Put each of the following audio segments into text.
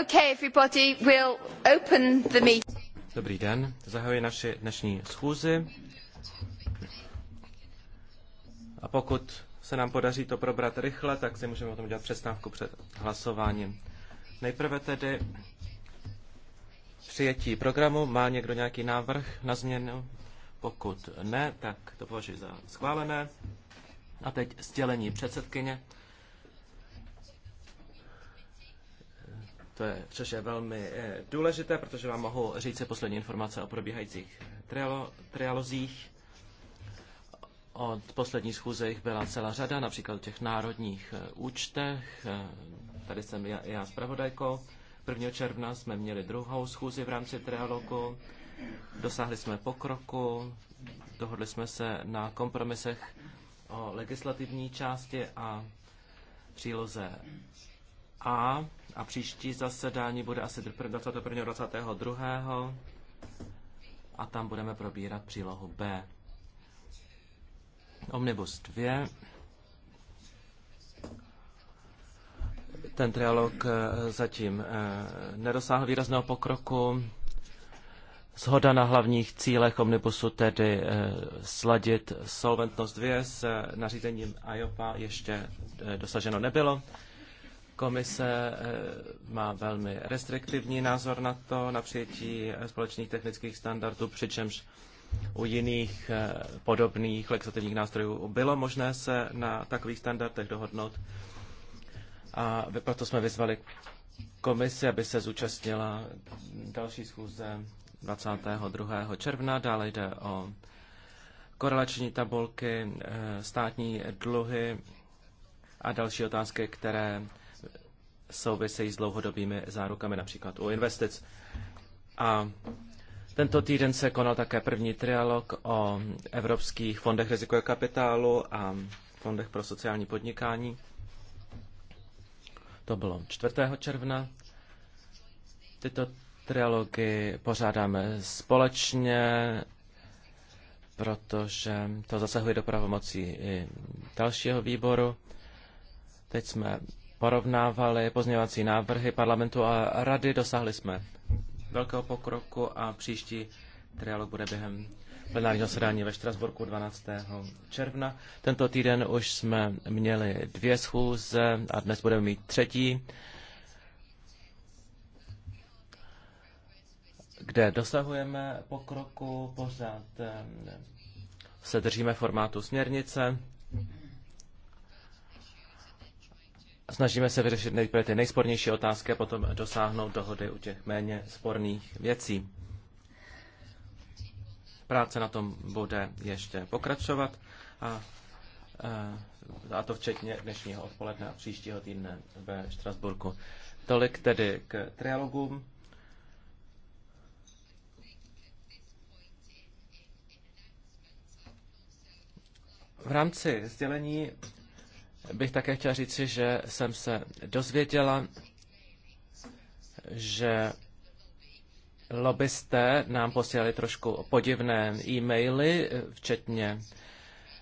Okay, everybody, we'll open the meeting. Dobrý den, zahajuji naši dnešní schůzi. A pokud se nám podaří to probrat rychle, tak si můžeme o tom dělat přestávku před hlasováním. Nejprve tedy přijetí programu. Má někdo nějaký návrh na změnu? Pokud ne, tak to považuji za schválené. A teď sdělení předsedkyně. To je, což je velmi eh, důležité, protože vám mohu říct poslední informace o probíhajících eh, trialo, trialozích. Od poslední schůze jich byla celá řada, například těch národních eh, účtech. Tady jsem já, já zpravodajkou. 1. června jsme měli druhou schůzi v rámci trialogu. Dosáhli jsme pokroku, dohodli jsme se na kompromisech o legislativní části a příloze A a příští zasedání bude asi 21. 22. a tam budeme probírat přílohu B. Omnibus 2. Ten trialog eh, zatím eh, nedosáhl výrazného pokroku. Zhoda na hlavních cílech omnibusu, tedy eh, sladit solventnost 2 s nařízením IOPA, ještě dosaženo nebylo. Komise eh, má velmi restriktivní názor na to, na přijetí eh, společných technických standardů, přičemž u jiných eh, podobných legislativních nástrojů bylo možné se na takových standardech dohodnout. A proto jsme vyzvali komisi, aby se zúčastnila další schůze 22. června. Dále jde o korelační tabulky, státní dluhy a další otázky, které souvisejí s dlouhodobými zárukami, například u investic. A tento týden se konal také první trialog o evropských fondech rizikového kapitálu a fondech pro sociální podnikání. To bylo 4. června. Tyto trialogy pořádáme společně, protože to zasahuje do pravomocí i dalšího výboru. Teď jsme porovnávali pozměňovací návrhy parlamentu a rady. Dosáhli jsme velkého pokroku a příští trialog bude během plenárního zasedání ve Štrasburku 12. června. Tento týden už jsme měli dvě schůze a dnes budeme mít třetí, kde dosahujeme pokroku, pořád eh, se držíme formátu směrnice. Snažíme se vyřešit nejprve ty nejspornější otázky a potom dosáhnout dohody u těch méně sporných věcí. Práce na tom bude ještě pokračovat a, e, a to včetně dnešního odpoledne a příštího týdne ve Štrasburku. Tolik tedy k trialogům. V rámci sdělení bych také chtěl říci, že jsem se dozvěděla, že lobbysté nám posílali trošku podivné e-maily, včetně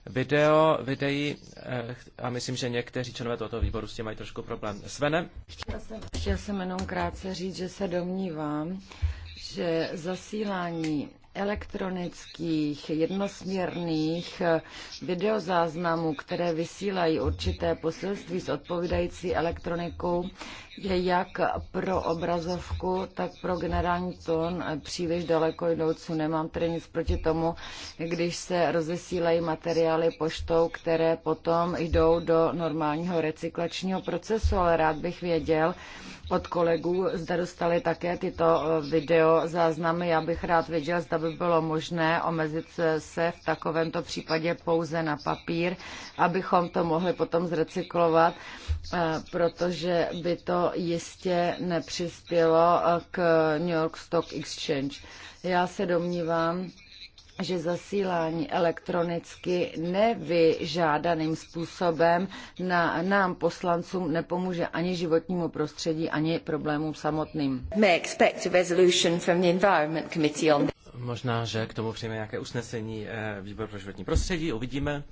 video, videí eh, a myslím, že někteří členové tohoto výboru s tím mají trošku problém. Svene? Chtěl jsem, chtěl jsem jenom krátce říct, že se domnívám, že zasílání elektronických jednosměrných eh, videozáznamů, které vysílají určité poselství s odpovídající elektronikou, je jak pro obrazovku, tak pro generální tón příliš daleko jdoucí. Nemám tedy nic proti tomu, když se rozesílají materiály poštou, které potom jdou do normálního recyklačního procesu, ale rád bych věděl od kolegů, zda dostali také tyto eh, video záznamy. Já bych rád věděl, zda by bylo možné omezit se v takovémto případě pouze na papír, abychom to mohli potom zrecyklovat, eh, protože by to jistě nepřispělo eh, k New York Stock Exchange. Já se domnívám, že zasílání elektronicky nevyžádaným způsobem na, nám poslancům nepomůže ani životnímu prostředí, ani problémům samotným. Možná, že k tomu přijme nějaké usnesení eh, výbor pro životní prostředí, uvidíme.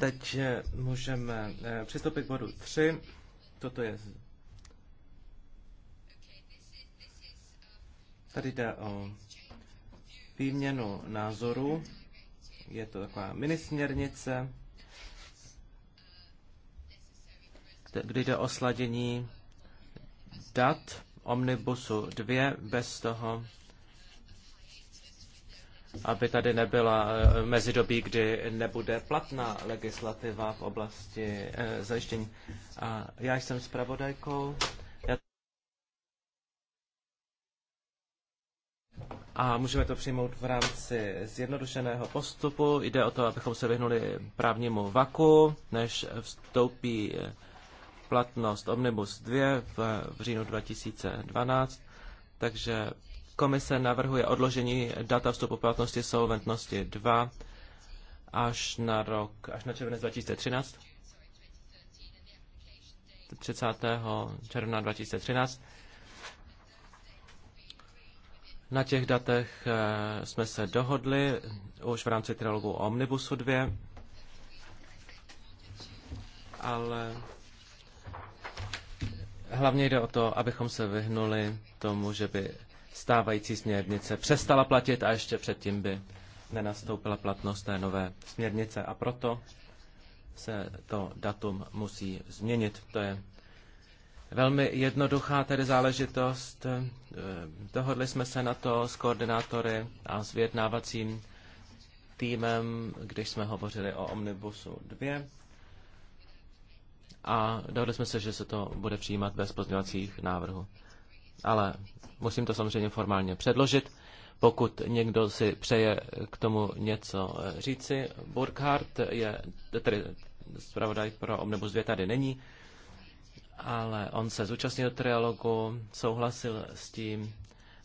Teď eh, můžeme přistoupit k bodu 3. Toto je Tady jde o výměnu názorů. Je to taková minisměrnice, kde jde o sladění dat Omnibusu 2 bez toho, aby tady nebyla eh, mezidobí, kdy nebude platná legislativa v oblasti eh, zajištění. A já jsem zpravodajkou a můžeme to přijmout v rámci zjednodušeného postupu. Jde o to, abychom se vyhnuli právnímu vaku, než vstoupí eh, platnost Omnibus 2 v, v říjnu 2012. Takže komise navrhuje odložení data vstupu platnosti solventnosti 2 až na rok, až na červenec 2013. 30. června 2013 na těch datech eh, jsme se dohodli už v rámci trilogu Omnibusu 2, ale hlavně jde o to, abychom se vyhnuli tomu, že by stávající směrnice přestala platit a ještě předtím by nenastoupila platnost té nové směrnice a proto se to datum musí změnit. To je Velmi jednoduchá tedy záležitost. Eh, dohodli jsme se na to s koordinátory a s vyjednávacím týmem, když jsme hovořili o Omnibusu 2. A dohodli jsme se, že se to bude přijímat bez pozměňovacích návrhů. Ale musím to samozřejmě formálně předložit. Pokud někdo si přeje k tomu něco eh, říci, Burkhardt je tedy zpravodaj pro Omnibus 2 tady není ale on se zúčastnil trialogu, souhlasil s tím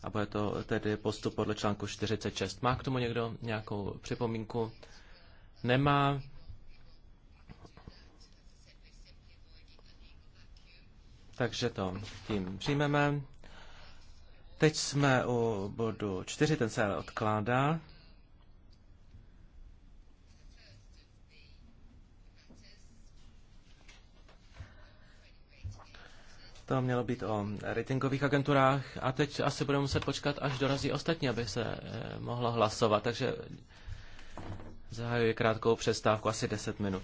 a bude to tedy postup podle článku 46. Má k tomu někdo nějakou připomínku? Nemá. Takže to tím přijmeme. Teď jsme u bodu 4, ten se odkládá. To mělo být o ratingových agenturách a teď asi budeme muset počkat, až dorazí ostatní, aby se eh, mohlo hlasovat. Takže zahajuji krátkou přestávku, asi 10 minut.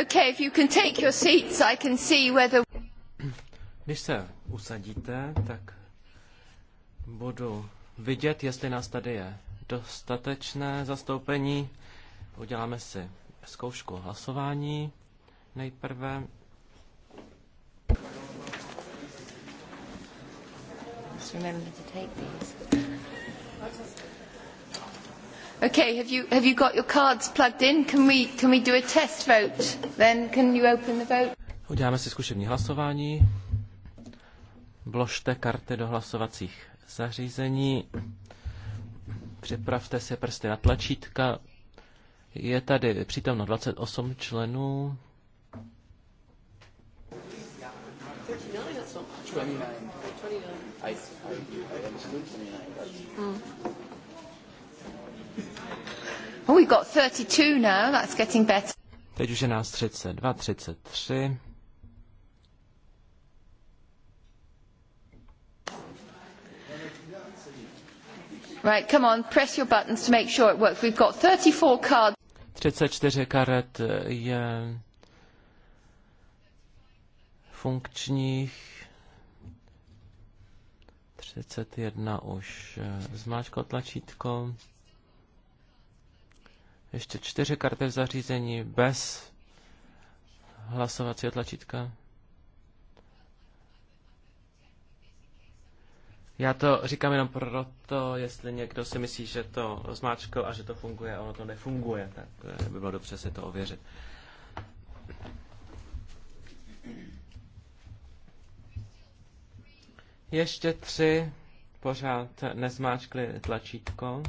Okay, if you can take your seats, I can see whether... Když se usadíte, tak budu vidět, jestli nás tady je dostatečné zastoupení. Uděláme si zkoušku hlasování nejprve. Just remember to take these. Okay, have you, have you got your cards plugged in? Can we, can we do a test vote? Then can you open the vote? Uděláme si zkušební hlasování. Vložte karty do hlasovacích zařízení. Připravte si prsty na tlačítka. Je tady přítomno 28 členů. Mm. Oh, we got 32 now, that's getting better. Teď už je nás 32, 33. Right, come on, press your buttons to make sure it works. We've got 34 cards. 34 karet je funkčních. 31 už eh, zmáčklo tlačítko ještě čtyři karty v zařízení bez hlasovacího tlačítka. Já to říkám jenom proto, jestli někdo si myslí, že to zmáčkl a že to funguje, ono to nefunguje, tak eh, by bylo dobře si to ověřit. Ještě tři pořád nezmáčkli tlačítko.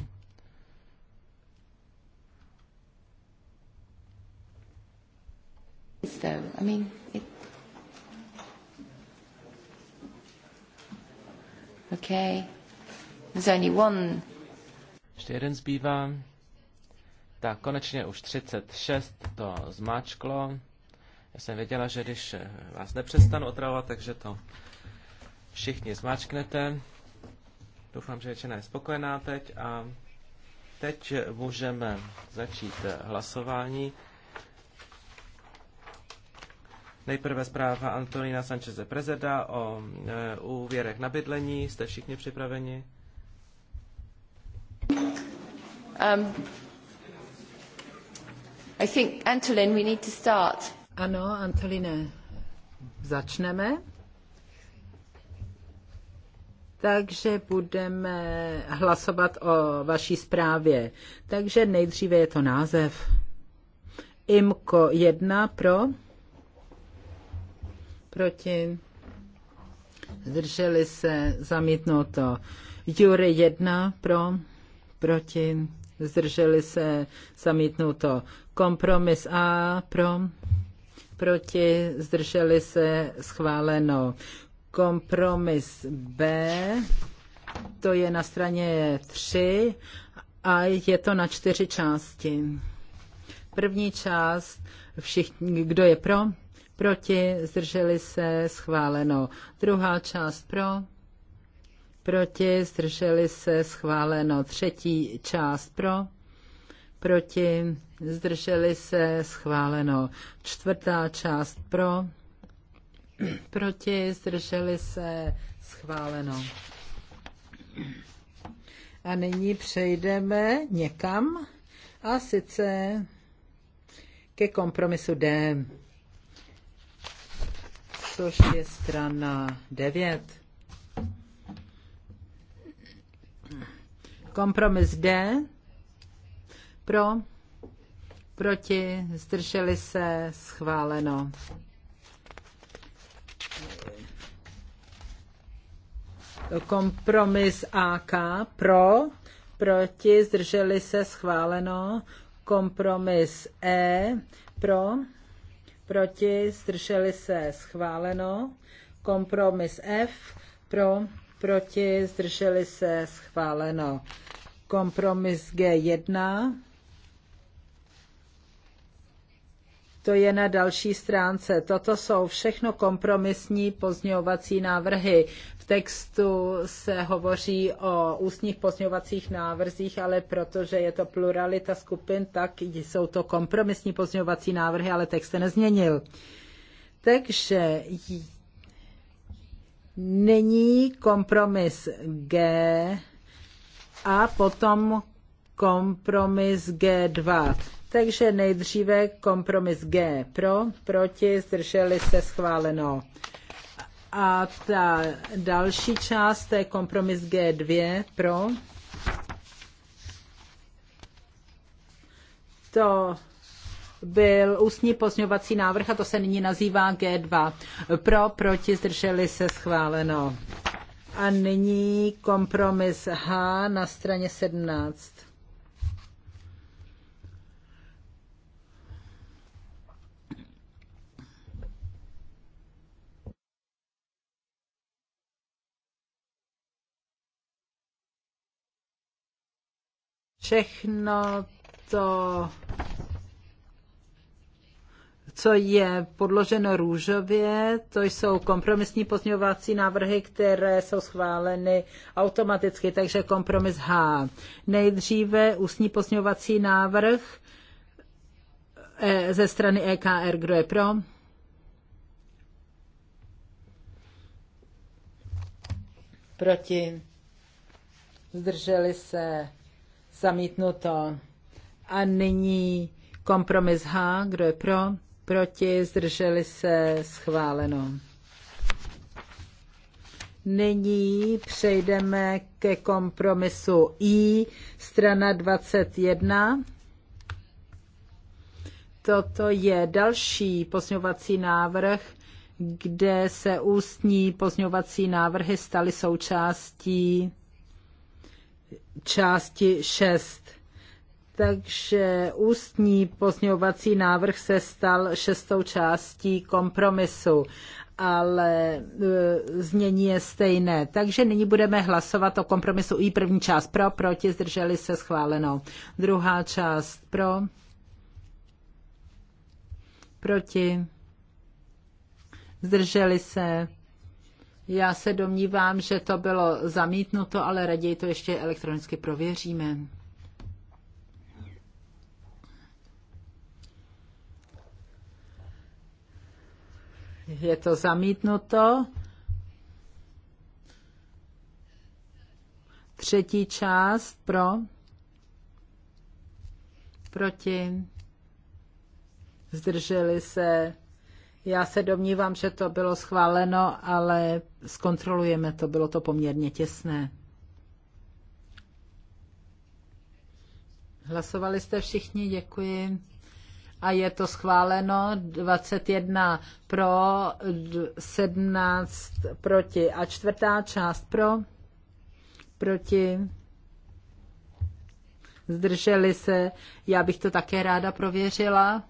though. I mean, it... Okay. There's only one. Ještě jeden zbývá. Tak konečně už 36 to zmáčklo. Já jsem věděla, že když eh, vás nepřestanu otravovat, takže to všichni zmáčknete. Doufám, že většina je spokojená teď a teď můžeme začít eh, hlasování. Nejprve zpráva Antonína Sancheze Prezeda o e, úvěrech na bydlení. Jste všichni připraveni? Um, I think, Antolin, we need to start. Ano, Antoline, začneme. Takže budeme hlasovat o vaší zprávě. Takže nejdříve je to název. IMKO 1 pro proti, zdrželi se, zamítnuto. Jury 1 pro, proti, zdrželi se, zamítnuto. Kompromis A pro, proti, zdrželi se, schváleno. Kompromis B, to je na straně 3 a je to na čtyři části. První část, všichni, kdo je pro, proti, zdrželi se, schváleno. Druhá část pro, proti, zdrželi se, schváleno. Třetí část pro, proti, zdrželi se, schváleno. Čtvrtá část pro, proti, zdrželi se, schváleno. A nyní přejdeme někam, a sice ke kompromisu D což je strana 9. Kompromis D. Pro, proti, zdrželi se, schváleno. Kompromis AK pro, proti, zdrželi se, schváleno. Kompromis E pro, proti, zdrželi se schváleno. Kompromis F pro, proti, zdrželi se schváleno. Kompromis G1 to je na další stránce. Toto jsou všechno kompromisní pozňovací návrhy. V textu se hovoří o ústních pozměňovacích návrzích, ale protože je to pluralita skupin, tak jsou to kompromisní pozměňovací návrhy, ale text se nezměnil. Takže nyní kompromis G a potom kompromis G2. Takže nejdříve kompromis G pro, proti, zdrželi se schváleno. A ta další část, to je kompromis G2 pro. To byl ústní pozňovací návrh a to se nyní nazývá G2. Pro, proti, zdrželi se schváleno. A nyní kompromis H na straně 17. všechno to, co je podloženo růžově, to jsou kompromisní pozměňovací návrhy, které jsou schváleny automaticky, takže kompromis H. Nejdříve ústní pozměňovací návrh eh, ze strany EKR. Kdo je pro? Proti. Zdrželi se Zamítnuto. A nyní kompromis H. Kdo je pro? Proti? Zdrželi se? Schváleno. Nyní přejdeme ke kompromisu I, strana 21. Toto je další posňovací návrh, kde se ústní posňovací návrhy staly součástí části 6. Takže ústní pozměňovací návrh se stal šestou částí kompromisu, ale e, znění je stejné. Takže nyní budeme hlasovat o kompromisu i první část pro, proti, zdrželi se schváleno. Druhá část pro, proti, zdrželi se já se domnívám, že to bylo zamítnuto, ale raději to ještě elektronicky prověříme. Je to zamítnuto. Třetí část pro. Proti. Zdrželi se já se domnívám, že to bylo schváleno, ale zkontrolujeme to, bylo to poměrně těsné. Hlasovali jste všichni, děkuji. A je to schváleno 21 pro, 17 proti. A čtvrtá část pro, proti. Zdrželi se. Já bych to také ráda prověřila.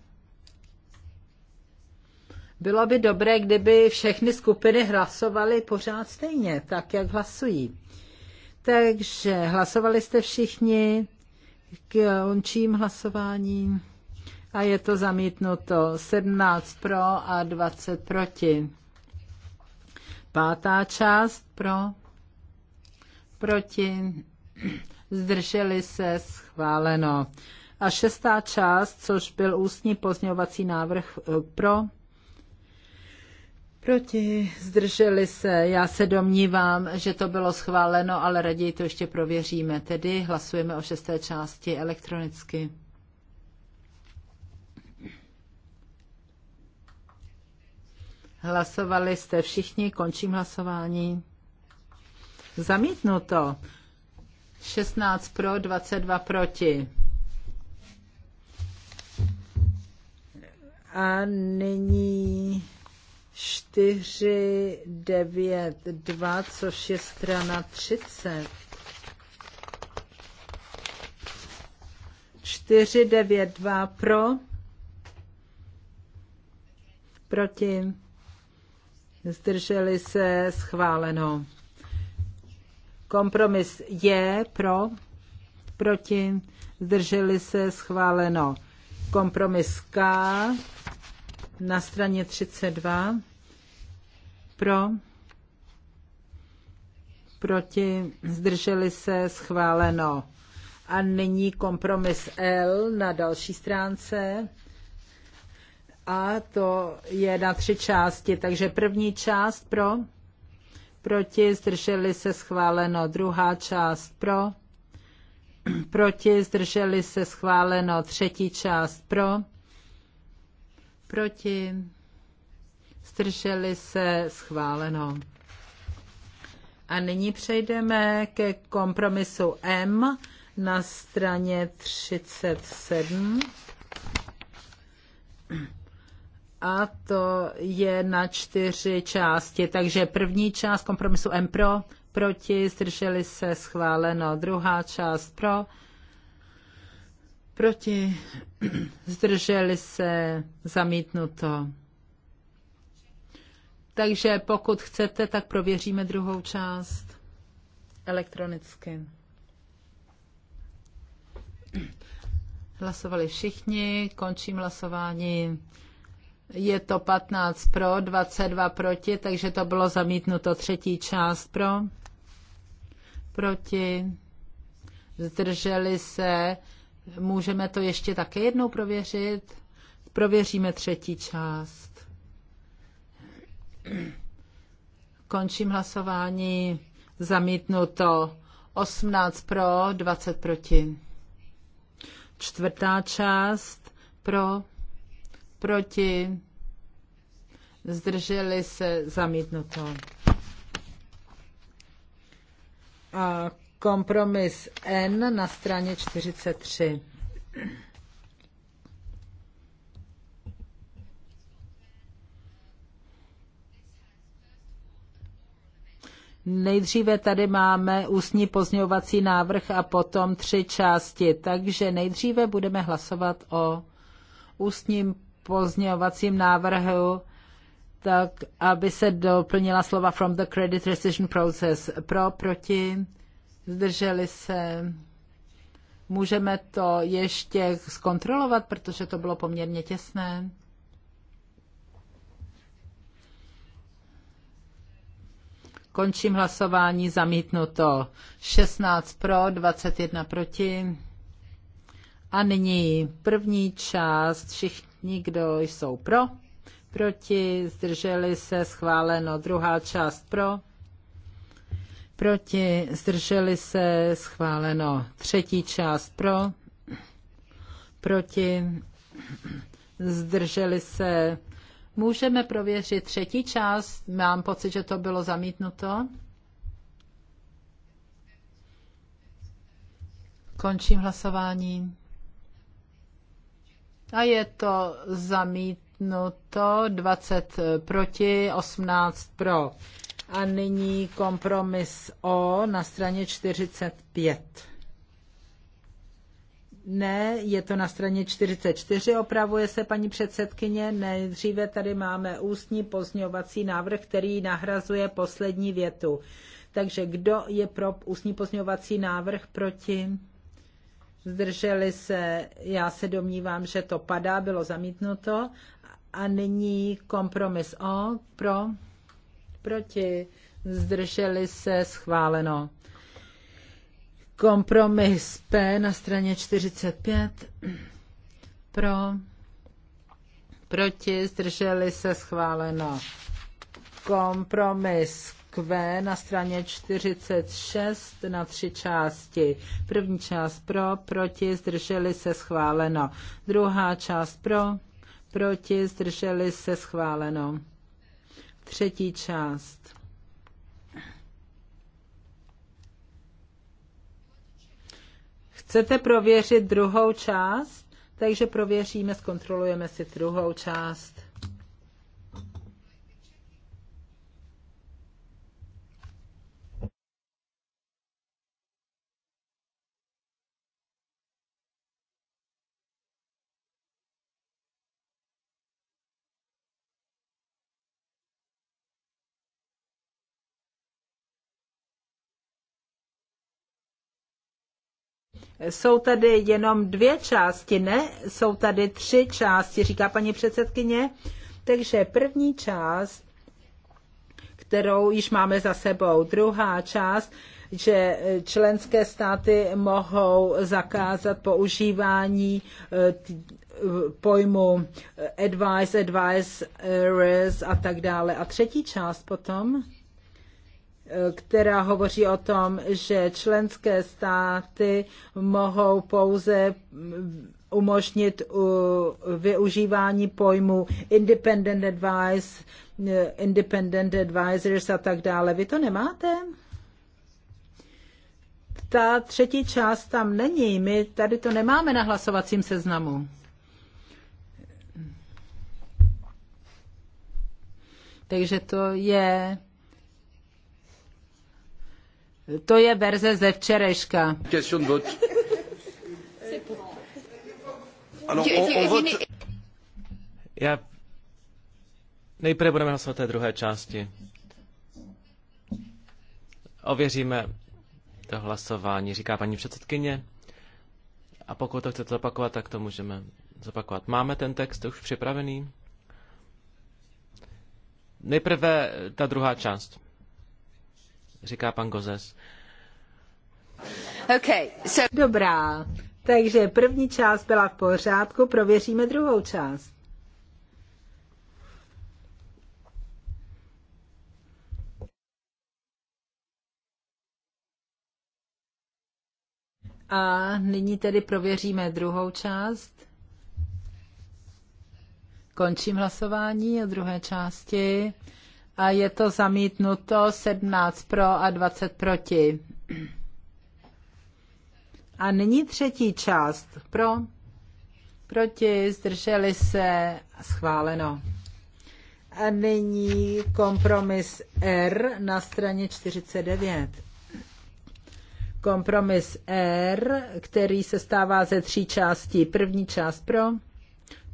Bylo by dobré, kdyby všechny skupiny hlasovaly pořád stejně, tak jak hlasují. Takže hlasovali jste všichni, končím hlasování a je to zamítnuto 17 pro a 20 proti. Pátá část pro, proti, zdrželi se, schváleno. A šestá část, což byl ústní pozměňovací návrh eh, pro, Proti, zdrželi se. Já se domnívám, že to bylo schváleno, ale raději to ještě prověříme. Tedy hlasujeme o šesté části elektronicky. Hlasovali jste všichni, končím hlasování. Zamítnuto. 16 pro, 22 proti. A nyní 492, což je strana 30. 492 pro, proti, zdrželi se, schváleno. Kompromis je pro, proti, zdrželi se, schváleno. Kompromis K na straně 32 pro, proti, zdrželi se, schváleno. A nyní kompromis L na další stránce. A to je na tři části. Takže první část pro, proti, zdrželi se, schváleno. Druhá část pro, proti, zdrželi se, schváleno. Třetí část pro, proti, zdrželi se, schváleno. A nyní přejdeme ke kompromisu M na straně 37. A to je na čtyři části. Takže první část kompromisu M pro, proti, zdrželi se, schváleno. Druhá část pro, Proti. Zdrželi se. Zamítnuto. Takže pokud chcete, tak prověříme druhou část elektronicky. Hlasovali všichni, končím hlasování. Je to 15 pro, 22 proti, takže to bylo zamítnuto třetí část pro, proti, zdrželi se, Můžeme to ještě také jednou prověřit. Prověříme třetí část. Končím hlasování. Zamítnuto 18 pro, 20 proti. Čtvrtá část pro, proti, zdrželi se zamítnuto. A Kompromis N na straně 43. Nejdříve tady máme ústní pozňovací návrh a potom tři části. Takže nejdříve budeme hlasovat o ústním pozňovacím návrhu, tak aby se doplnila slova from the credit decision process. Pro, proti, zdrželi se. Můžeme to ještě zkontrolovat, protože to bylo poměrně těsné. Končím hlasování, zamítnuto 16 pro, 21 proti. A nyní první část, všichni, kdo jsou pro, proti, zdrželi se, schváleno. Druhá část pro, proti, zdrželi se, schváleno. Třetí část pro, proti, zdrželi se. Můžeme prověřit třetí část, mám pocit, že to bylo zamítnuto. Končím hlasování. A je to zamítnuto 20 proti, 18 pro. A nyní kompromis O na straně 45. Ne, je to na straně 44, opravuje se paní předsedkyně. Nejdříve tady máme ústní pozňovací návrh, který nahrazuje poslední větu. Takže kdo je pro ústní pozňovací návrh proti? Zdrželi se, já se domnívám, že to padá, bylo zamítnuto. A nyní kompromis O pro proti, zdrželi se, schváleno. Kompromis P na straně 45, pro, proti, zdrželi se, schváleno. Kompromis Q na straně 46 na tři části. První část pro, proti, zdrželi se, schváleno. Druhá část pro, proti, zdrželi se, schváleno. Třetí část. Chcete prověřit druhou část? Takže prověříme, zkontrolujeme si druhou část. Jsou tady jenom dvě části, ne? Jsou tady tři části, říká paní předsedkyně. Takže první část, kterou již máme za sebou, druhá část, že členské státy mohou zakázat používání eh, pojmu eh, advice, advisors eh, a tak dále. A třetí část potom? která hovoří o tom, že členské státy mohou pouze umožnit využívání pojmu independent advice, independent advisors a tak dále. Vy to nemáte? Ta třetí část tam není. My tady to nemáme na hlasovacím seznamu. Takže to je to je verze ze včerejška. Já nejprve budeme hlasovat té druhé části. Ověříme to hlasování, říká paní předsedkyně. A pokud to chcete zopakovat, tak to můžeme zopakovat. Máme ten text už připravený? Nejprve ta druhá část říká pan Gozes. Okay, so... Dobrá, takže první část byla v pořádku, prověříme druhou část. A nyní tedy prověříme druhou část. Končím hlasování o druhé části a je to zamítnuto 17 pro a 20 proti. A nyní třetí část. Pro, proti, zdrželi se, schváleno. A nyní kompromis R na straně 49. Kompromis R, který se stává ze tří částí. První část pro,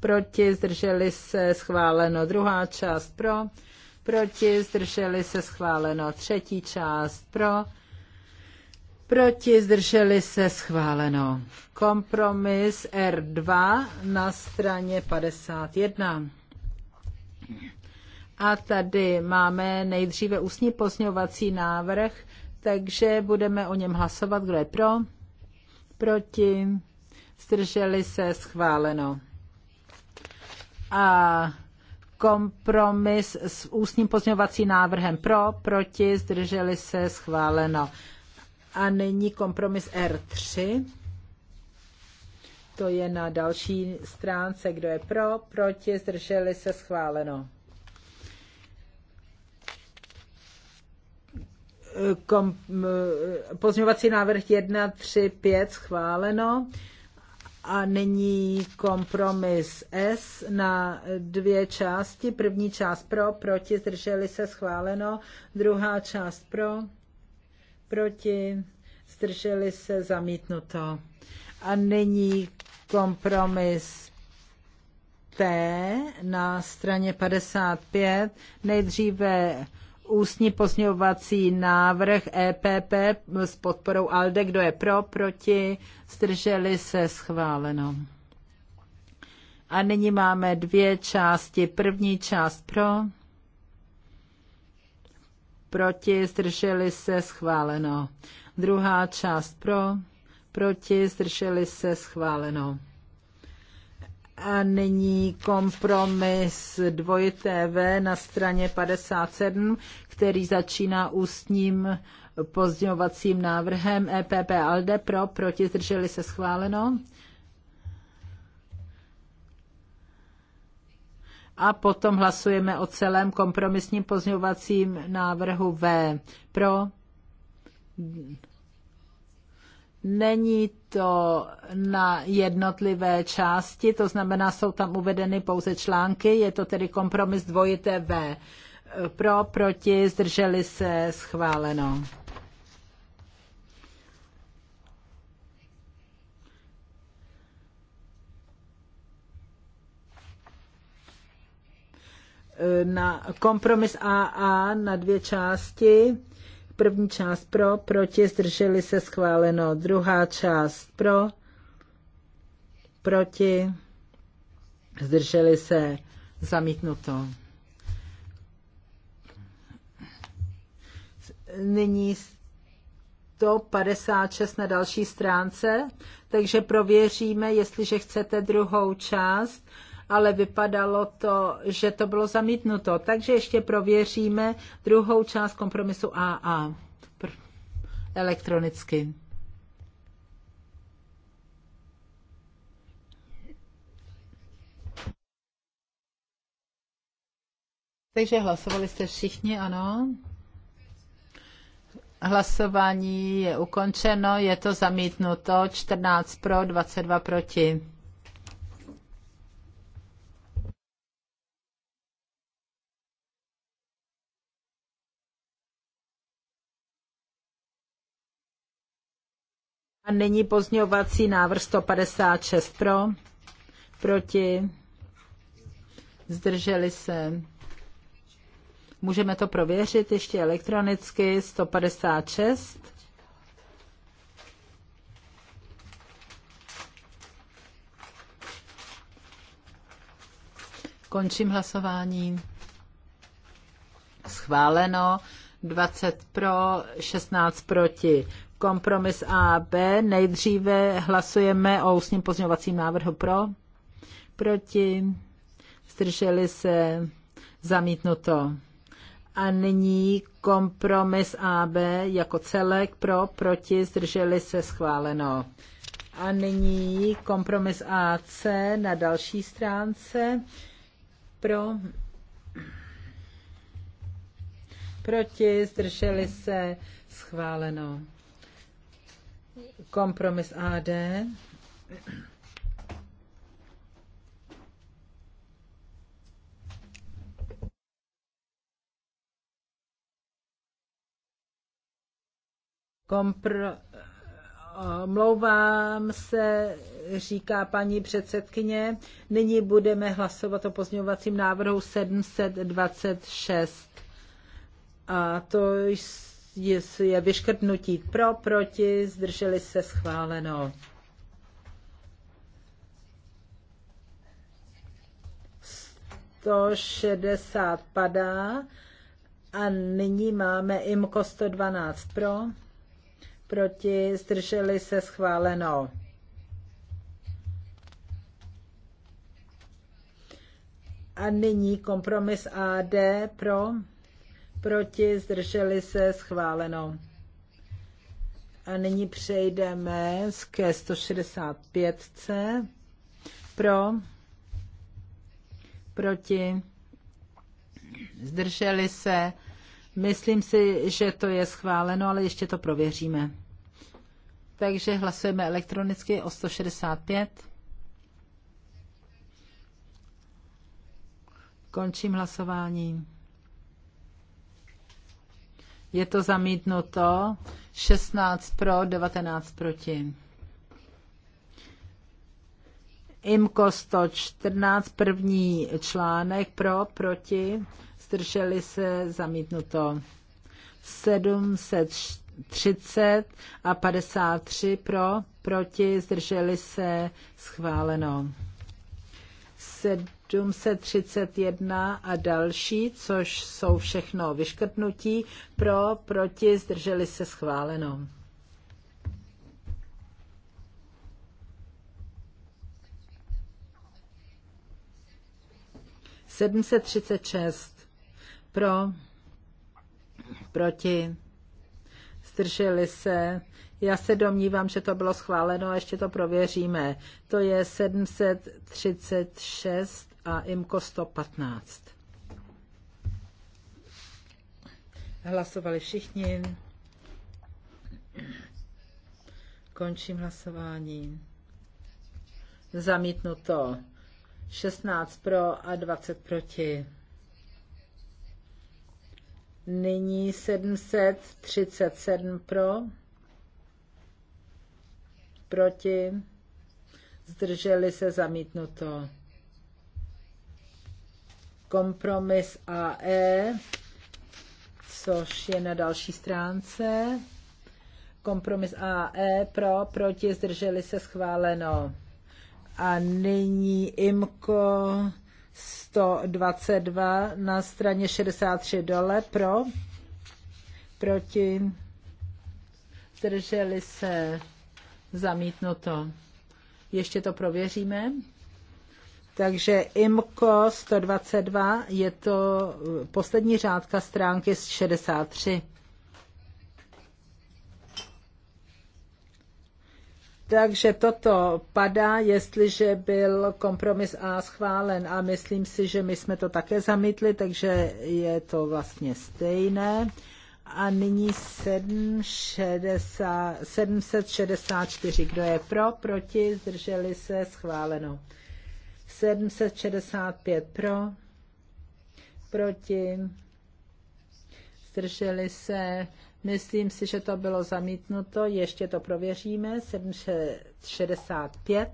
proti, zdrželi se, schváleno. Druhá část pro, proti, zdrželi se schváleno. Třetí část pro, proti, zdrželi se schváleno. Kompromis R2 na straně 51. A tady máme nejdříve ústní pozňovací návrh, takže budeme o něm hlasovat. Kdo je pro? Proti? Zdrželi se schváleno. A kompromis s ústním pozměňovacím návrhem pro, proti, zdrželi se, schváleno. A nyní kompromis R3. To je na další stránce, kdo je pro, proti, zdrželi se, schváleno. Kom, pozměňovací návrh 1, 3, 5 schváleno. A nyní kompromis S na dvě části. První část pro, proti, zdrželi se schváleno. Druhá část pro, proti, zdrželi se zamítnuto. A nyní kompromis T na straně 55. Nejdříve ústní pozměňovací návrh EPP s podporou ALDE. Kdo je pro, proti, zdrželi se, schváleno. A nyní máme dvě části. První část pro, proti, zdrželi se, schváleno. Druhá část pro, proti, zdrželi se, schváleno. A nyní kompromis dvojité V na straně 57, který začíná ústním pozdňovacím návrhem EPP ALDE pro, proti, zdrželi se schváleno. A potom hlasujeme o celém kompromisním pozměňovacím návrhu V. Pro, Není to na jednotlivé části, to znamená, jsou tam uvedeny pouze články, je to tedy kompromis dvojité V. Pro, proti, zdrželi se, schváleno. Na kompromis AA na dvě části První část pro, proti, zdrželi se schváleno. Druhá část pro, proti, zdrželi se zamítnuto. Nyní 156 na další stránce, takže prověříme, jestliže chcete druhou část ale vypadalo to, že to bylo zamítnuto. Takže ještě prověříme druhou část kompromisu AA Pr- elektronicky. Takže hlasovali jste všichni, ano? Hlasování je ukončeno, je to zamítnuto, 14 pro, 22 proti. A nyní pozňovací návrh 156 pro, proti, zdrželi se. Můžeme to prověřit ještě elektronicky, 156. Končím hlasování. Schváleno. 20 pro, 16 proti kompromis A B. Nejdříve hlasujeme o ústním pozměňovacím návrhu pro, proti, zdrželi se, zamítnuto. A nyní kompromis AB jako celek pro, proti, zdrželi se, schváleno. A nyní kompromis AC na další stránce pro, proti, zdrželi se, schváleno. Kompromis AD. Kompr... Mlouvám se, říká paní předsedkyně. Nyní budeme hlasovat o pozměňovacím návrhu 726. A to jsou je vyškrtnutí pro, proti, zdrželi se schváleno. 160 padá a nyní máme IMKO 112 pro, proti, zdrželi se schváleno. A nyní kompromis AD pro, proti, zdrželi se, schváleno. A nyní přejdeme ke 165C. Pro, proti, zdrželi se. Myslím si, že to je schváleno, ale ještě to prověříme. Takže hlasujeme elektronicky o 165. Končím hlasování. Je to zamítnuto. 16 pro, 19 proti. IMKO 114, první článek pro, proti, zdrželi se, zamítnuto. 730 a 53 pro, proti, zdrželi se, schváleno. 731 a další, což jsou všechno vyškrtnutí. Pro, proti, zdrželi se schváleno. Sedmset třicet šest. Pro, proti, zdrželi se já se domnívám, že to bylo schváleno a ještě to prověříme. To je 736 a IMKO 115. Hlasovali všichni. Končím hlasování. Zamítnuto. 16 pro a 20 proti. Nyní 737 pro proti, zdrželi se zamítnuto. Kompromis AE, což je na další stránce. Kompromis AE pro, proti, zdrželi se schváleno. A nyní IMKO 122 na straně 63 dole pro, proti, zdrželi se Zamítnuto. Ještě to prověříme. Takže IMCO 122 je to eh, poslední řádka stránky z 63. Takže toto padá, jestliže byl kompromis A schválen a myslím si, že my jsme to také zamítli, takže je to vlastně stejné a nyní 760, 764. Kdo je pro, proti, zdrželi se, schváleno. 765 pro, proti, zdrželi se. Myslím si, že to bylo zamítnuto. Ještě to prověříme. 765.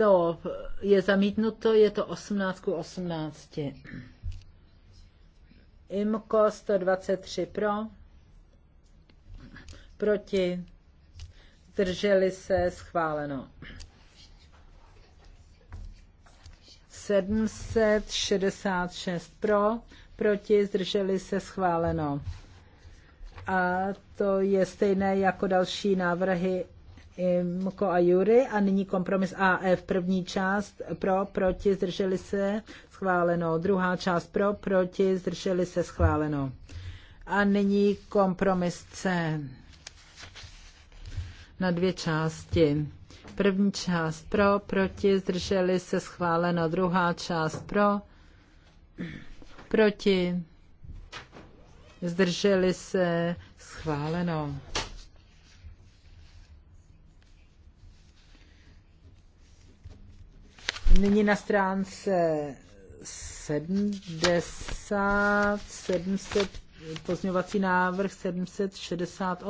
to je zamítnuto, je to 18 ku 18. IMKO 123 pro, proti, zdrželi se, schváleno. 766 pro, proti, zdrželi se, schváleno. A to je stejné jako další návrhy Mko a Jury a nyní kompromis AF. První část pro, proti, zdrželi se, schváleno. Druhá část pro, proti, zdrželi se, schváleno. A nyní kompromis C na dvě části. První část pro, proti, zdrželi se, schváleno. Druhá část pro, proti, zdrželi se, schváleno. Nyní na stránce 70, 700, pozňovací návrh 768. šedesát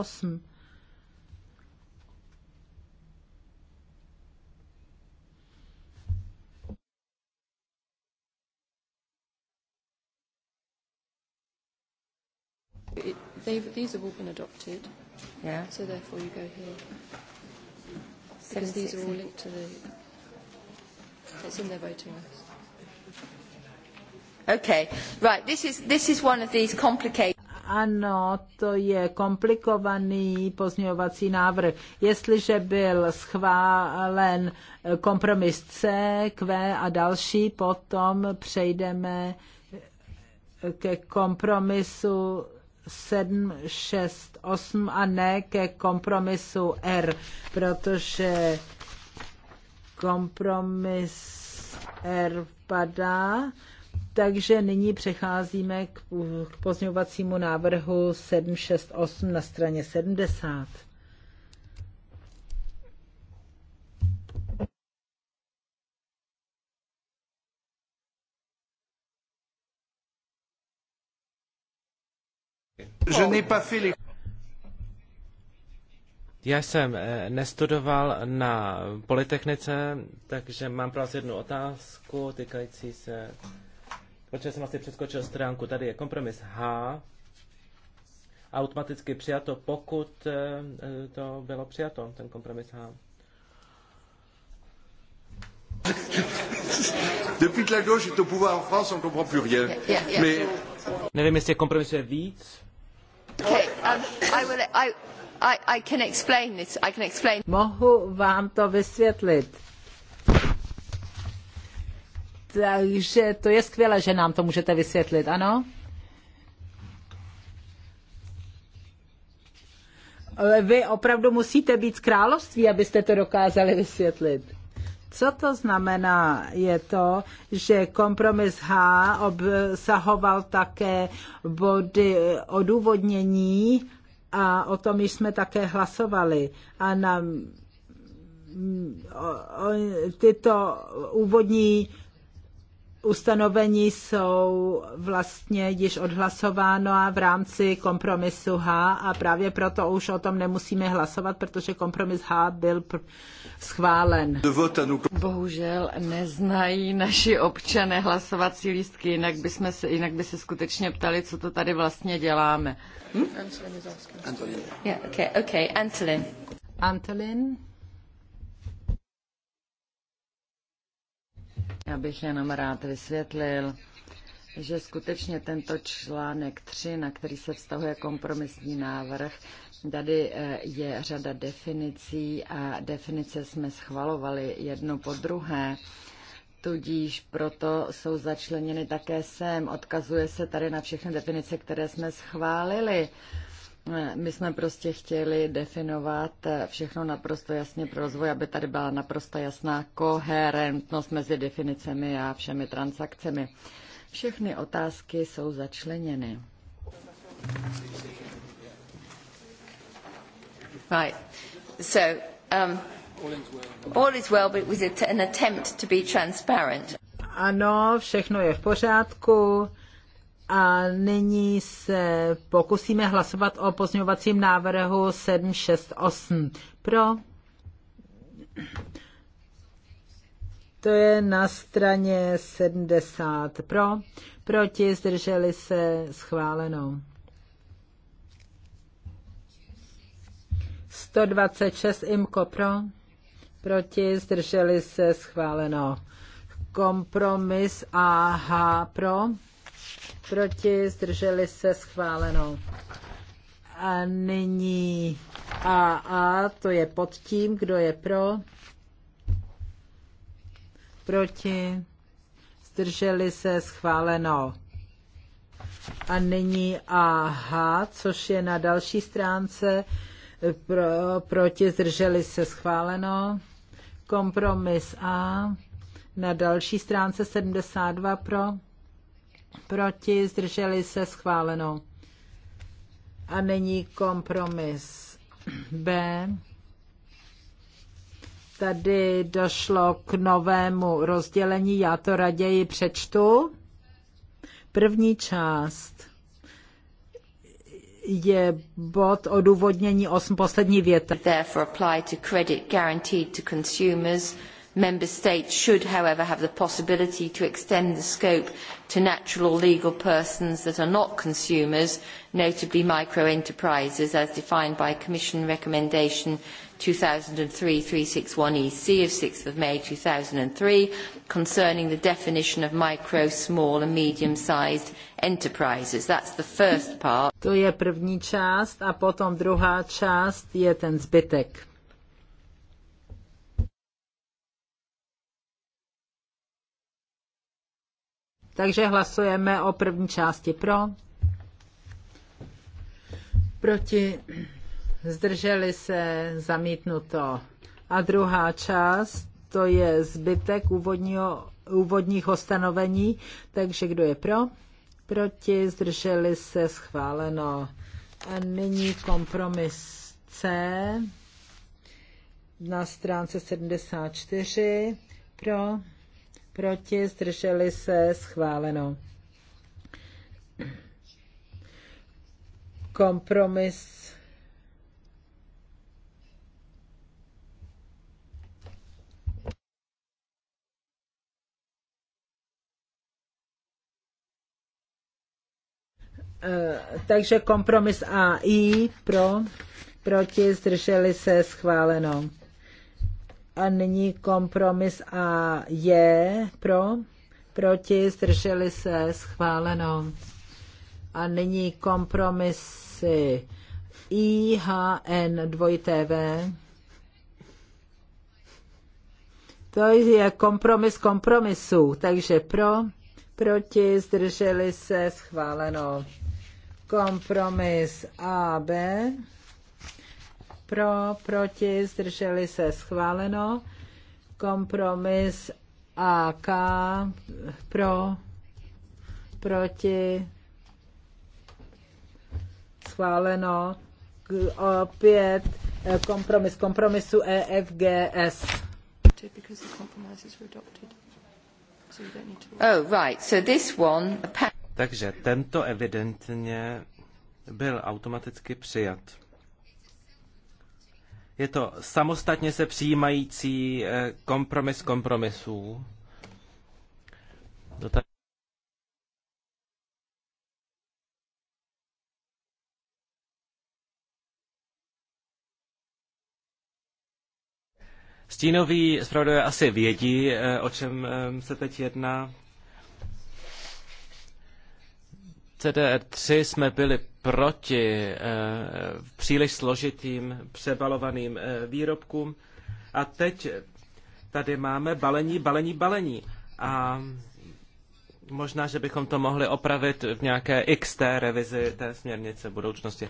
these have all been adopted. Yeah. So therefore you go here. Because these are all linked to the It's in their voting list. Okay, right, this is, this is one of these complicated ano, to je komplikovaný pozměňovací návrh. Jestliže byl schválen kompromis C, Q a další, potom přejdeme ke kompromisu 7, 6, 8 a ne ke kompromisu R, protože Kompromis R padá, takže nyní přecházíme k, k pozňovacímu návrhu 768 na straně 70. Je n'ai pas fait les... Já jsem eh, nestudoval na Politechnice, takže mám pro vás jednu otázku týkající se... Protože jsem asi přeskočil stránku. Tady je kompromis H. Automaticky přijato, pokud eh, eh, to bylo přijato, ten kompromis H. Depuis que la gauche est au pouvoir en France, on ne comprend plus rien. Mais... Nevím, jestli je kompromis je víc. Okay, um, I will, I... I, I can explain I can explain. Mohu vám to vysvětlit. Takže to je skvělé, že nám to můžete vysvětlit, ano? Vy opravdu musíte být z království, abyste to dokázali vysvětlit. Co to znamená? Je to, že kompromis H obsahoval také body odůvodnění a o tom již jsme také hlasovali. A na mm, tyto úvodní ustanovení jsou vlastně již odhlasováno v rámci kompromisu H a právě proto už o tom nemusíme hlasovat, protože kompromis H byl schválen. Bohužel neznají naši občané hlasovací lístky, jinak, bychom se, jinak by se skutečně ptali, co to tady vlastně děláme. Hm? Antolin. Yeah, okay, okay. Antolin. Antolin. Já bych jenom rád vysvětlil, že skutečně tento článek 3, na který se vztahuje kompromisní návrh, Tady eh, je řada definicí a definice jsme schvalovali jedno po druhé. Tudíž proto jsou začleněny také sem. Odkazuje se tady na všechny definice, které jsme schválili. My jsme prostě chtěli definovat všechno naprosto jasně pro rozvoj, aby tady byla naprosto jasná koherentnost mezi definicemi a všemi transakcemi. Všechny otázky jsou začleněny. Right. So, um, all is well, but it was an attempt to be transparent. Ano, všechno je v pořádku a nyní se pokusíme hlasovat o pozměňovacím návrhu 768. Pro. To je na straně 70 pro, proti zdrželi se schváleno. 126 imko pro, proti zdrželi se schváleno. Kompromis AH pro proti, zdrželi se schváleno. A nyní AA, to je pod tím, kdo je pro, proti, zdrželi se schváleno. A nyní AH, což je na další stránce, pro, proti, zdrželi se schváleno. Kompromis A, na další stránce 72 pro, proti, zdrželi se, schváleno. A není kompromis B. Tady došlo k novému rozdělení, já to raději přečtu. První část je bod odůvodnění 8 poslední věty. Therefore apply to credit guaranteed to consumers Member States should, however, have the possibility to extend the scope to natural or legal persons that are not consumers, notably micro-enterprises, as defined by Commission Recommendation 2003-361-EC e of 6th of May 2003 concerning the definition of micro, small and medium-sized enterprises. That's the first part. To je první část a potom druhá část je ten zbytek. Takže hlasujeme o první části pro. Proti. Zdrželi se zamítnuto. A druhá část, to je zbytek úvodního, úvodních ustanovení. Takže kdo je pro? Proti. Zdrželi se schváleno. A nyní kompromis C na stránce 74 pro proti, zdrželi se, schváleno. Kompromis eh, takže kompromis AI pro, proti, zdrželi se, schváleno. A nyní kompromis A je pro, proti, zdrželi se, schváleno. A nyní kompromisy I, H, N, dvojité V. To je kompromis kompromisů, takže pro, proti, zdrželi se, schváleno. Kompromis AB pro, proti, zdrželi se schváleno. Kompromis AK pro, proti, schváleno. Opět eh, kompromis kompromisu EFGS. Oh, right. Takže tento evidentně byl automaticky přijat. Je to samostatně se přijímající eh, kompromis kompromisů. Stínoví zpravodajové asi vědí, eh, o čem eh, se teď jedná. CDR3 jsme byli proti eh, příliš složitým přebalovaným eh, výrobkům a teď tady máme balení, balení, balení. A možná, že bychom to mohli opravit v nějaké XT revizi té směrnice v budoucnosti.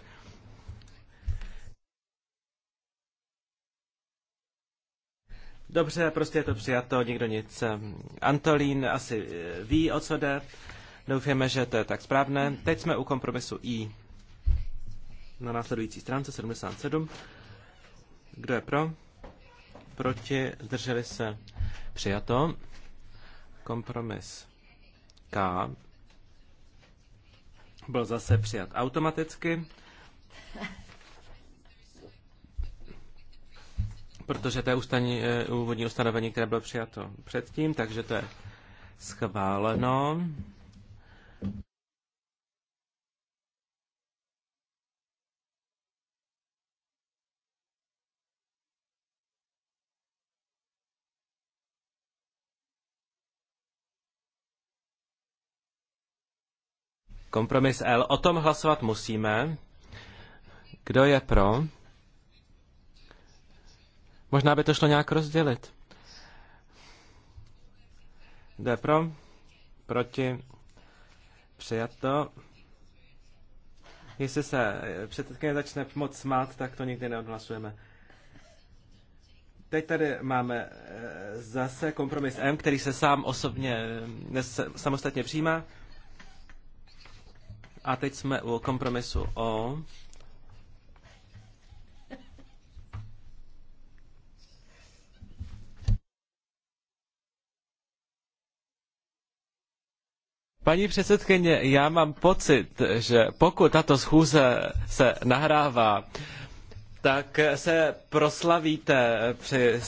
Dobře, prostě je to přijato, nikdo nic. Antolín asi eh, ví, o co jde. Doufáme, že to je tak správné. Teď jsme u kompromisu I na následující stránce 77. Kdo je pro? Proti? Zdrželi se? Přijato. Kompromis K byl zase přijat automaticky, protože to je ústaní, eh, úvodní ustanovení, které bylo přijato předtím, takže to je schváleno. Kompromis L. O tom hlasovat musíme. Kdo je pro? Možná by to šlo nějak rozdělit. Kdo je pro? Proti? Přijato. Jestli se předsedkyně začne moc smát, tak to nikdy neodhlasujeme. Teď tady máme eh, zase kompromis M, který se sám osobně, eh, samostatně přijímá. A teď jsme u kompromisu O. Paní předsedkyně, já mám pocit, že pokud tato schůze se nahrává, tak se proslavíte při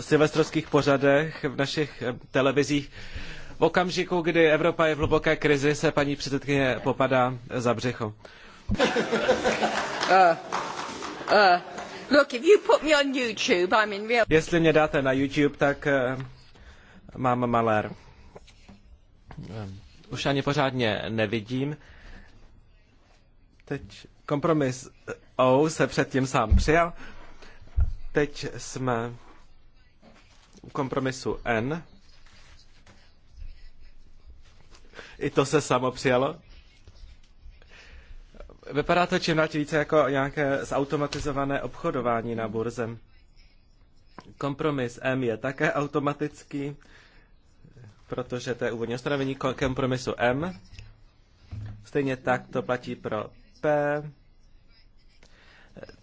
silvestrovských pořadech v našich televizích v okamžiku, kdy Evropa je v hluboké krizi, se paní předsedkyně popadá za břicho. Uh, uh, Jestli mě dáte na YouTube, tak uh, mám malér. Eh, už ani pořádně nevidím. Teď kompromis O se předtím sám přijal. Teď jsme u kompromisu N. I to se samo přijalo. Vypadá to čím dál více jako nějaké zautomatizované obchodování na burze. Kompromis M je také automatický, protože to je úvodní ustanovení kompromisu M. Stejně tak to platí pro P.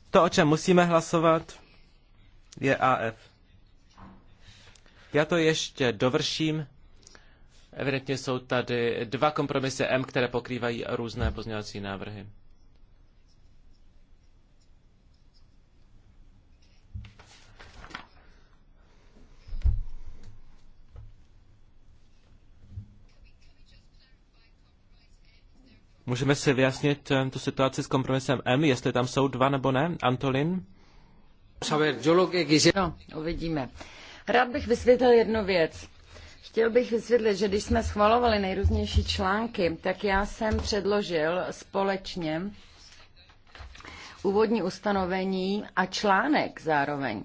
To, o čem musíme hlasovat, je AF. Já to ještě dovrším. Evidentně jsou tady dva kompromisy M, které pokrývají různé pozměňovací návrhy. Můžeme si vyjasnit eh, tu situaci s kompromisem M, jestli tam jsou dva nebo ne? Antolin? No, uvidíme. Rád bych vysvětlil jednu věc. Chtěl bych vysvětlit, že když jsme schvalovali nejrůznější články, tak já jsem předložil společně úvodní ustanovení a článek zároveň.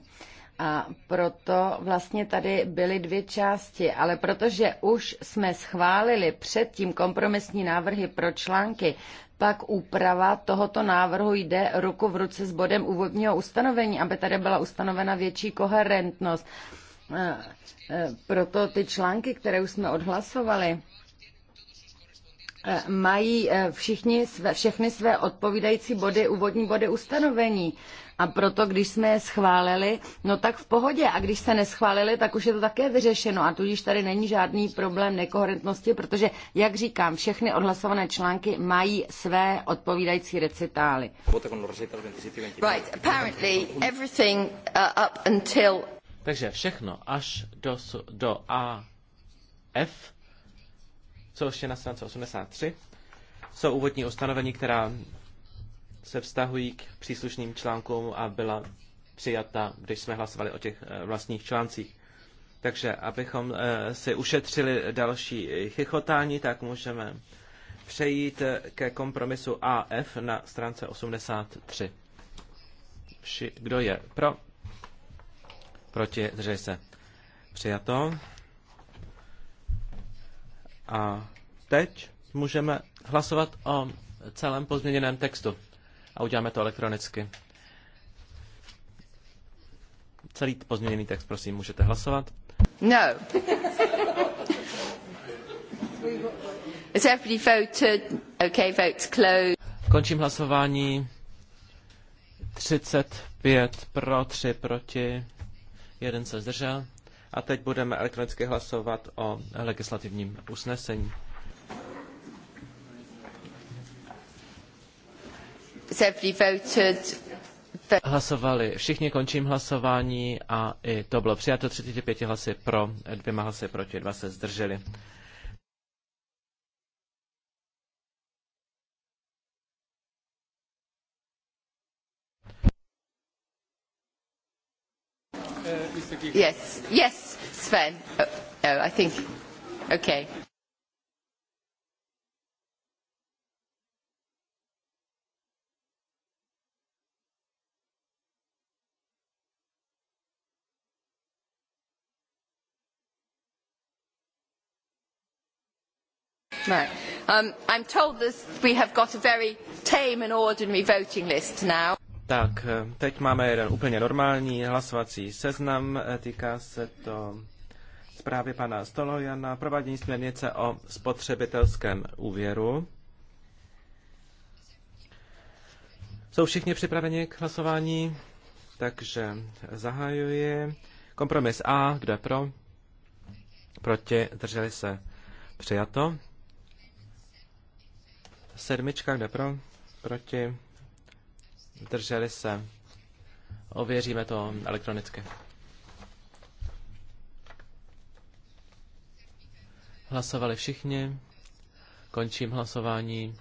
A proto vlastně tady byly dvě části, ale protože už jsme schválili předtím kompromisní návrhy pro články, pak úprava tohoto návrhu jde ruku v ruce s bodem úvodního ustanovení, aby tady byla ustanovena větší koherentnost. Proto ty články, které už jsme odhlasovali, mají všichni své, všechny své odpovídající body, úvodní body ustanovení. A proto, když jsme je schválili, no tak v pohodě. A když se neschválili, tak už je to také vyřešeno. A tudíž tady není žádný problém nekoherentnosti, protože, jak říkám, všechny odhlasované články mají své odpovídající recitály. Right, apparently everything uh, up until takže všechno až do, do A F, což je na stránce 83, jsou úvodní ustanovení, která se vztahují k příslušným článkům a byla přijata, když jsme hlasovali o těch eh, vlastních článcích. Takže abychom eh, si ušetřili další chychotání, tak můžeme přejít eh, ke kompromisu AF na stránce 83. kdo je pro? proti, zdrželi se, přijato. A teď můžeme hlasovat o celém pozměněném textu a uděláme to elektronicky. Celý pozměněný text, prosím, můžete hlasovat. No. Is everybody voted? Okay, votes closed. Končím hlasování. 35 pro, 3 proti jeden se zdržel. A teď budeme elektronicky hlasovat o legislativním usnesení. Hlasovali všichni, končím hlasování a i to bylo přijato 35 hlasy pro, dvěma hlasy proti, dva se zdrželi. Yes, yes, Sven. Oh, oh I think. Okay. Right. Um, I'm told this, we have got a very tame and ordinary voting list now. Tak, eh, teď máme jeden úplně normální hlasovací seznam. Eh, týká se to zprávy pana Stolojana, provádění směrnice o spotřebitelském úvěru. Jsou všichni připraveni k hlasování? Takže zahajuji. Kompromis A, kdo je pro? Proti, drželi se. Přijato. Sedmička, kde pro? Proti Zdrželi se. Ověříme to elektronicky. Hlasovali všichni. Končím hlasování.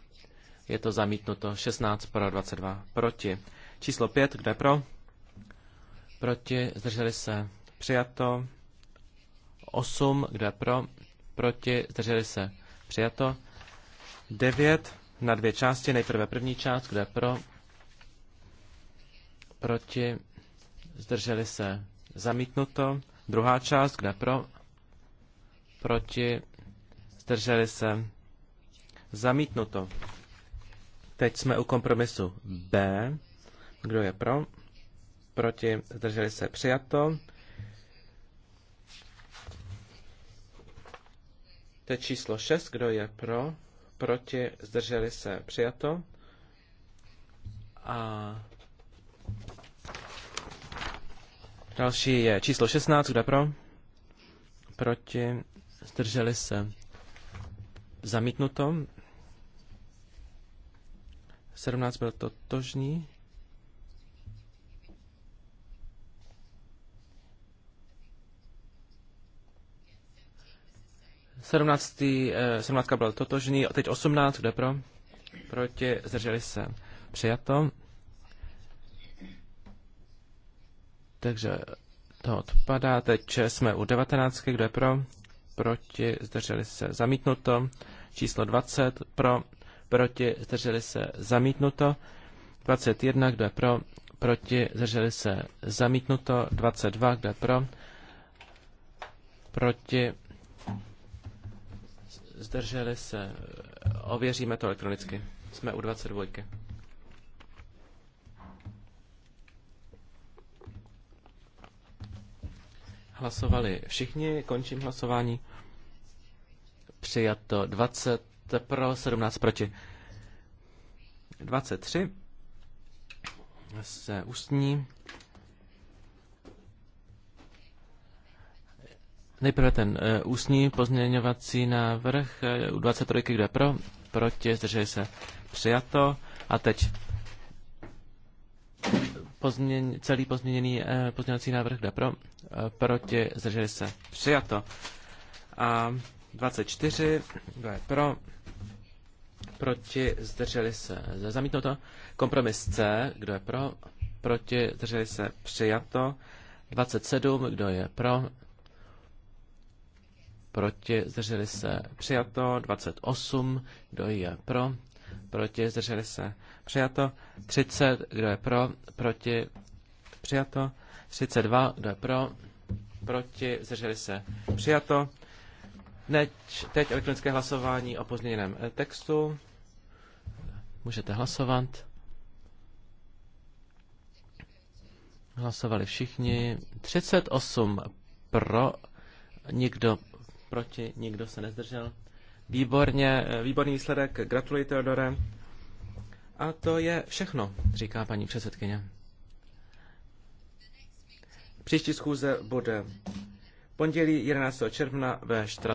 Je to zamítnuto 16 pro 22 proti. Číslo 5, kde pro? Proti, zdrželi se. Přijato. 8, kde pro? Proti, zdrželi se. Přijato. 9 na dvě části. Nejprve první část, kde pro? proti, zdrželi se zamítnuto. Druhá část, kde pro, proti, zdrželi se zamítnuto. Teď jsme u kompromisu B. Kdo je pro? Proti, zdrželi se přijato. To je číslo 6. Kdo je pro? Proti, zdrželi se přijato. A Další je číslo 16, kde pro? Proti. Zdrželi se. Zamítnuto. 17 byl totožný. Sedmnáctý, eh, sedmnáctka byl totožný, a teď osmnáct, kde pro? Proti, zdrželi se. Přijato. Takže to odpadá. Teď jsme u 19. Kdo je pro? Proti. Zdrželi se. Zamítnuto. Číslo 20. Pro. Proti. Zdrželi se. Zamítnuto. 21. Kdo je pro? Proti. Zdrželi se. Zamítnuto. 22. Kdo je pro? Proti. Zdrželi se. Ověříme to elektronicky. Jsme u 22. Hlasovali všichni, končím hlasování. Přijato 20 pro, 17 proti. 23 se ústní. Nejprve ten eh, ústní pozměňovací návrh eh, u 23, kde pro, proti, zdrželi se přijato. A teď pozměn, celý pozměněný eh, pozměňovací návrh jde pro, eh, proti, zdrželi se, přijato. A 24, kdo je pro, proti, zdrželi se, zamítnuto. Kompromis C, kdo je pro, proti, zdrželi se, přijato. 27, kdo je pro, proti, zdrželi se, přijato. 28, kdo je pro, proti, zdrželi se, přijato. 30, kdo je pro, proti, přijato. 32, kdo je pro, proti, zdrželi se, přijato. Neč, teď elektronické hlasování o pozměněném eh, textu. Můžete hlasovat. Hlasovali všichni. 38 pro, nikdo proti, nikdo se nezdržel. Výborně, eh, výborný výsledek, gratuluji Teodore. A to je všechno, říká paní předsedkyně. Příští schůze bude pondělí 11. června ve 14.